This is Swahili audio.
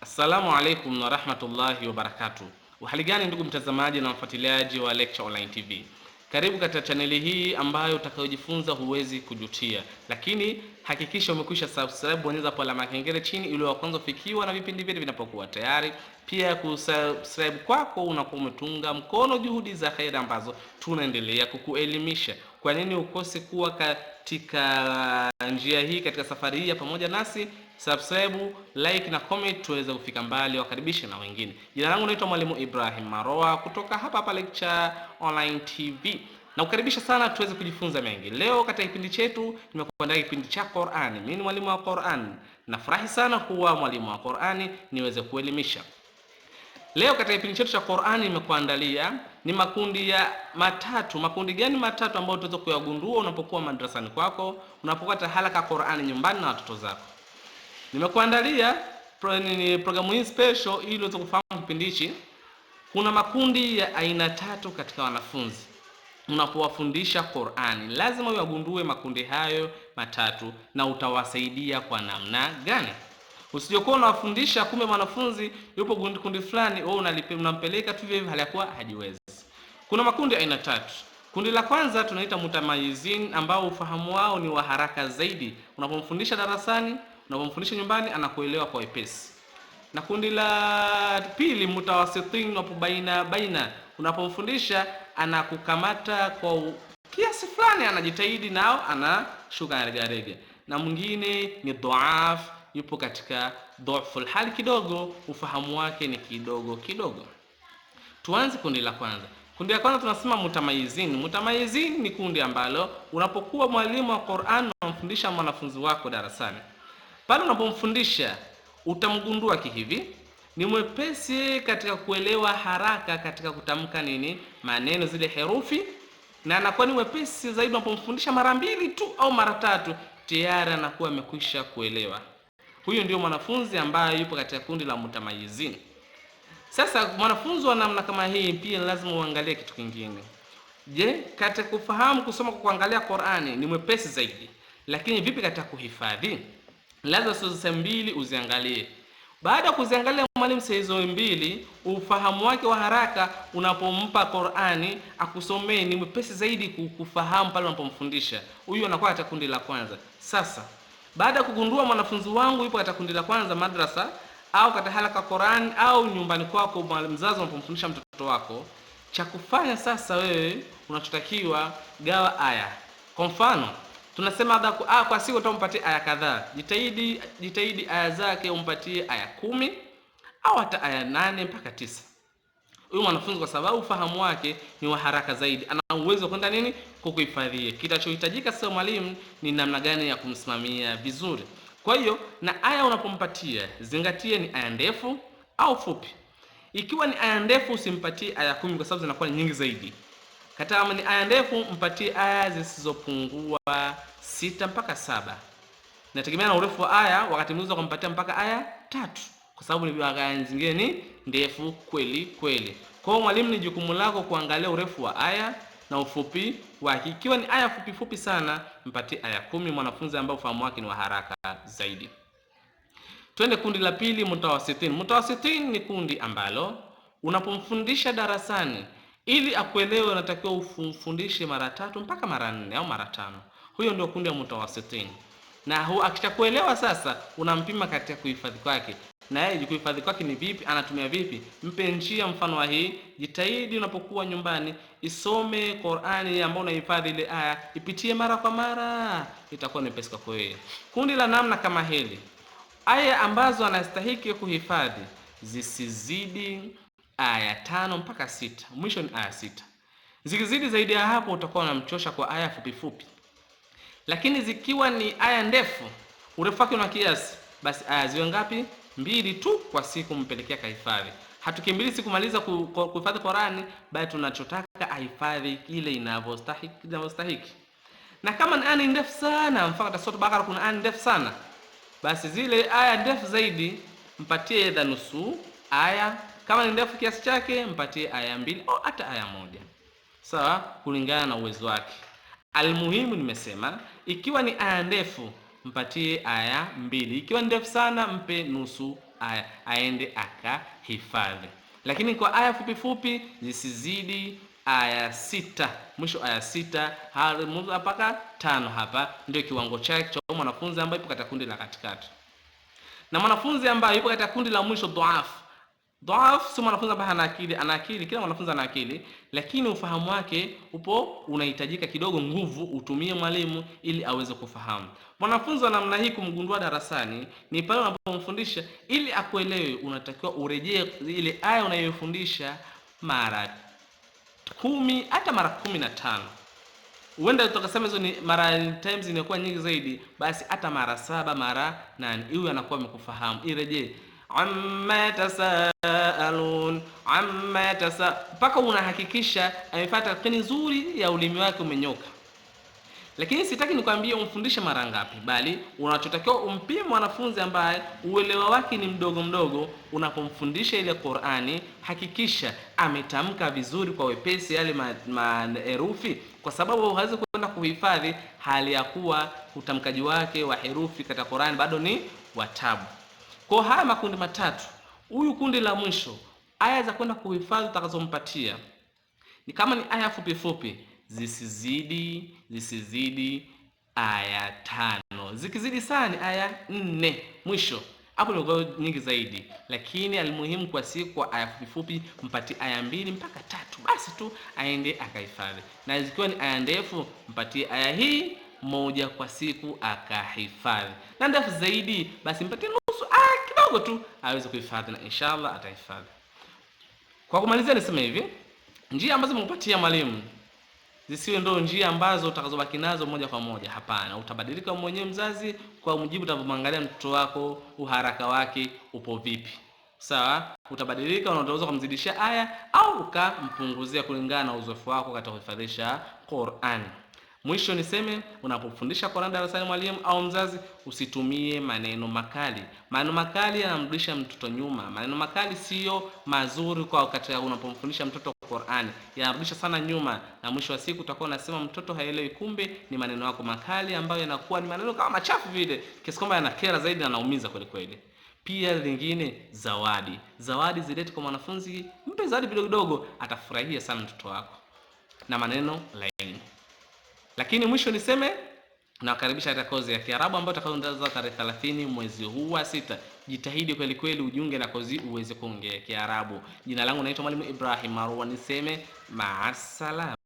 Assalamu alaikum wa rahmatullahi wa barakatuh. Uhali gani ndugu mtazamaji na mfuatiliaji wa Lecture Online TV? Karibu katika chaneli hii ambayo utakayojifunza huwezi kujutia, lakini hakikisha umekwisha subscribe, bonyeza hapo alama kengele chini ili wa kwanza ufikiwa na vipindi vyetu vinapokuwa tayari. Pia kusubscribe kwako unakuwa umetunga mkono juhudi za kheri ambazo tunaendelea kukuelimisha. Kwa nini ukose kuwa katika njia hii, katika safari hii ya pamoja nasi? subscribe, like na comment tuweze kufika mbali, wakaribishe na wengine. Jina langu naitwa Mwalimu Ibrahim Maroa kutoka hapa hapa Lecture Online TV. Na kukaribisha sana tuweze kujifunza mengi. Leo katika kipindi chetu nimekuandaa kipindi cha Qur'ani. Mimi ni mwalimu wa Qur'ani. Nafurahi sana kuwa mwalimu wa Qur'ani niweze kuelimisha. Leo katika kipindi chetu cha Qur'ani nimekuandalia ni makundi ya matatu. Makundi gani matatu ambayo tuweze kuyagundua unapokuwa madrasani kwako, unapokuwa tahalaka Qur'ani nyumbani na watoto zako. Nimekuandalia pro, ni programu hii special ili uweze kufahamu kipindi hichi. Kuna makundi ya aina tatu katika wanafunzi unapowafundisha Qur'ani, lazima uyagundue makundi hayo matatu na utawasaidia kwa namna gani. Usijokuwa unawafundisha kumbe mwanafunzi yupo kundi fulani, wewe unampeleka tu hivyo hali yakuwa hajiwezi. Kuna makundi aina tatu. Kundi la kwanza tunaita mutamayizin, ambao ufahamu wao ni wa haraka zaidi. Unapomfundisha darasani Unapomfundisha nyumbani anakuelewa kwa wepesi. Na kundi la pili, mutawasitin wapo baina, baina, unapomfundisha anakukamata kwa u... kiasi fulani, anajitahidi nao anashuka rege. Na mwingine ni dhaaf, yupo katika dhaful hali kidogo, ufahamu wake ni kidogo kidogo. Tuanze kundi la kwanza. Kundi la kwanza tunasema mutamayizin. Mutamayizin ni kundi ambalo unapokuwa mwalimu wa Qur'an unamfundisha mwanafunzi wako darasani pale unapomfundisha utamgundua kihivi, ni mwepesi katika kuelewa haraka katika kutamka nini maneno, zile herufi, na anakuwa ni mwepesi zaidi unapomfundisha mara mbili tu au mara tatu, tayari anakuwa amekwisha kuelewa. Huyo ndio mwanafunzi ambaye yupo katika kundi la mutamayizini. Sasa mwanafunzi wa namna kama hii pia lazima uangalie kitu kingine. Je, katika kufahamu kusoma kwa kuangalia Qur'ani ni mwepesi zaidi, lakini vipi katika kuhifadhi? Laza sura mbili uziangalie. Baada ya kuziangalia mwalimu sehemu hizo mbili, ufahamu wake wa haraka unapompa Qur'ani akusomee ni mwepesi zaidi kufahamu pale unapomfundisha. Huyu anakuwa katika kundi la kwanza. Sasa baada ya kugundua mwanafunzi wangu yupo katika kundi la kwanza madrasa au katika halaka Qur'an au nyumbani kwako mwalimu mzazi unapomfundisha mtoto wako, cha kufanya sasa wewe unachotakiwa gawa aya. Kwa mfano tunasema labda kwa, ah, kwa siku utampatie aya kadhaa. Jitahidi, jitahidi aya zake umpatie aya kumi au hata aya nane mpaka tisa. Huyu mwanafunzi kwa sababu ufahamu wake ni wa haraka zaidi, ana uwezo kwenda nini kukuhifadhia. Kitachohitajika sasa mwalimu ni namna gani ya kumsimamia vizuri. Kwa hiyo na aya unapompatia zingatie, ni aya ndefu au fupi. Ikiwa ni aya ndefu, usimpatie aya kumi kwa sababu zinakuwa nyingi zaidi. Katamu ni aya ndefu, mpatie aya zisizopungua sita mpaka saba. Nategemea na urefu wa aya, wakati mwingine kumpatia mpaka aya tatu, kwa sababu ni aya zingine ni ndefu kweli kweli. Kwa hiyo mwalimu, ni jukumu lako kuangalia urefu wa aya na ufupi wake. Ikiwa ni aya fupi fupi sana, mpatie aya kumi mwanafunzi ambaye ufahamu wake ni wa haraka zaidi. Twende kundi la pili, mutawasitin. Mutawasitin ni kundi ambalo unapomfundisha darasani ili akuelewe, unatakiwa ufundishe mara tatu mpaka mara nne au mara tano. Huyo ndio kundi la mutawasitin, na hu akishakuelewa sasa, unampima katika kuhifadhi kwake na yeye kuhifadhi kwake ni vipi, anatumia vipi. Mpe njia mfano wa hii. Jitahidi unapokuwa nyumbani, isome Qur'ani ambayo unahifadhi ile aya, ipitie mara kwa mara, itakuwa ni pesa kwako wewe. Kundi la namna kama hili, aya ambazo anastahiki kuhifadhi zisizidi aya tano mpaka sita. Mwisho ni aya sita. Zikizidi zaidi ya hapo utakuwa unamchosha kwa aya fupi fupi, lakini zikiwa ni aya ndefu, urefu wake una kiasi, basi aya ziwe ngapi? Mbili tu kwa siku, mpelekea kahifadhi. Hatukimbili siku maliza kuhifadhi Qurani, bali tunachotaka ahifadhi ile inavyostahiki, inavyostahiki. Na kama ni aya ndefu sana, mfano katika sura Bakara kuna aya ndefu sana, basi zile aya ndefu zaidi mpatie edha nusu aya kama ni ndefu kiasi chake, mpatie aya mbili au hata aya moja, sawa, kulingana na uwezo wake. Almuhimu, nimesema ikiwa ni aya ndefu mpatie aya mbili, ikiwa ni ndefu sana mpe nusu aya, aende akahifadhi. Lakini kwa aya fupi fupi zisizidi aya sita, mwisho aya sita mpaka tano. Hapa ndio kiwango chake cha mwanafunzi ambaye yupo katika kundi la katikati, na mwanafunzi ambaye yupo katika kundi la mwisho dhaifu Dhaaf, si mwanafunzi ambaye hana akili, ana akili, kila mwanafunzi ana akili, lakini ufahamu wake upo unahitajika kidogo nguvu utumie mwalimu ili aweze kufahamu. Mwanafunzi wa namna hii kumgundua darasani ni pale unapomfundisha ili akuelewe, unatakiwa urejee ile aya unayofundisha mara kumi hata mara kumi na tano huenda tukasema hizo ni mara times inakuwa nyingi zaidi, basi hata mara saba mara nane, huyu anakuwa amekufahamu. Irejee amma tasaalun amma tasa, mpaka unahakikisha amepata yakini nzuri ya ulimi wake umenyoka. Lakini sitaki nikwambie umfundishe mara ngapi, bali unachotakiwa umpime mwanafunzi ambaye uelewa wake ni mdogo mdogo, unapomfundisha ile Qur'ani, hakikisha ametamka vizuri kwa wepesi yale maherufi ma, kwa sababu hawezi kwenda kuhifadhi hali ya kuwa utamkaji wake wa herufi katika Qur'ani bado ni watabu. Kwa haya makundi matatu, huyu kundi la mwisho, aya za kwenda kuhifadhi utakazompatia ni kama ni aya fupi fupi, zisizidi zisizidi aya tano, zikizidi sana ni aya nne mwisho hapo ni ugao nyingi zaidi, lakini alimuhimu kwa siku kwa aya fupi, mpati aya mbili mpaka tatu, basi tu aende akahifadhi. Na zikiwa ni aya ndefu mpatie aya hii moja kwa siku akahifadhi, na ndefu zaidi basi mpatie kidogo tu aweze kuhifadhi, na inshallah atahifadhi. Kwa kumalizia, niseme hivi, njia ambazo nimekupatia mwalimu zisiwe ndo njia ambazo utakazobaki nazo moja kwa moja. Hapana, utabadilika mwenyewe mzazi kwa mujibu utavyomwangalia mtoto wako, uharaka wake upo vipi. Sawa, utabadilika, unaweza kumzidishia aya au ukampunguzia kulingana na uzoefu wako katika kuhifadhisha Qur'ani. Mwisho niseme unapofundisha Qur'an darasani, mwalimu au mzazi, usitumie maneno makali. Maneno makali yanamrudisha mtoto nyuma. Maneno makali siyo mazuri kwa wakati unapomfundisha mtoto Qur'ani, yanarudisha sana nyuma, na mwisho wa siku utakuwa unasema mtoto haelewi, kumbe ni maneno yako makali ambayo yanakuwa ni maneno kama machafu vile, kiasi kwamba yanakera zaidi na yanaumiza kweli kweli. Pia lingine, zawadi. Zawadi zilete kwa mwanafunzi, mpe zawadi vidogo vidogo, atafurahia sana mtoto wako na maneno lakini mwisho niseme nawakaribisha katika kozi ya Kiarabu ambayo itakayoanza tarehe 30 mwezi huu wa sita. Jitahidi kweli kweli ujiunge na kozi uweze kuongea Kiarabu. Jina langu naitwa Mwalimu Ibrahim Marwa, niseme maasalama.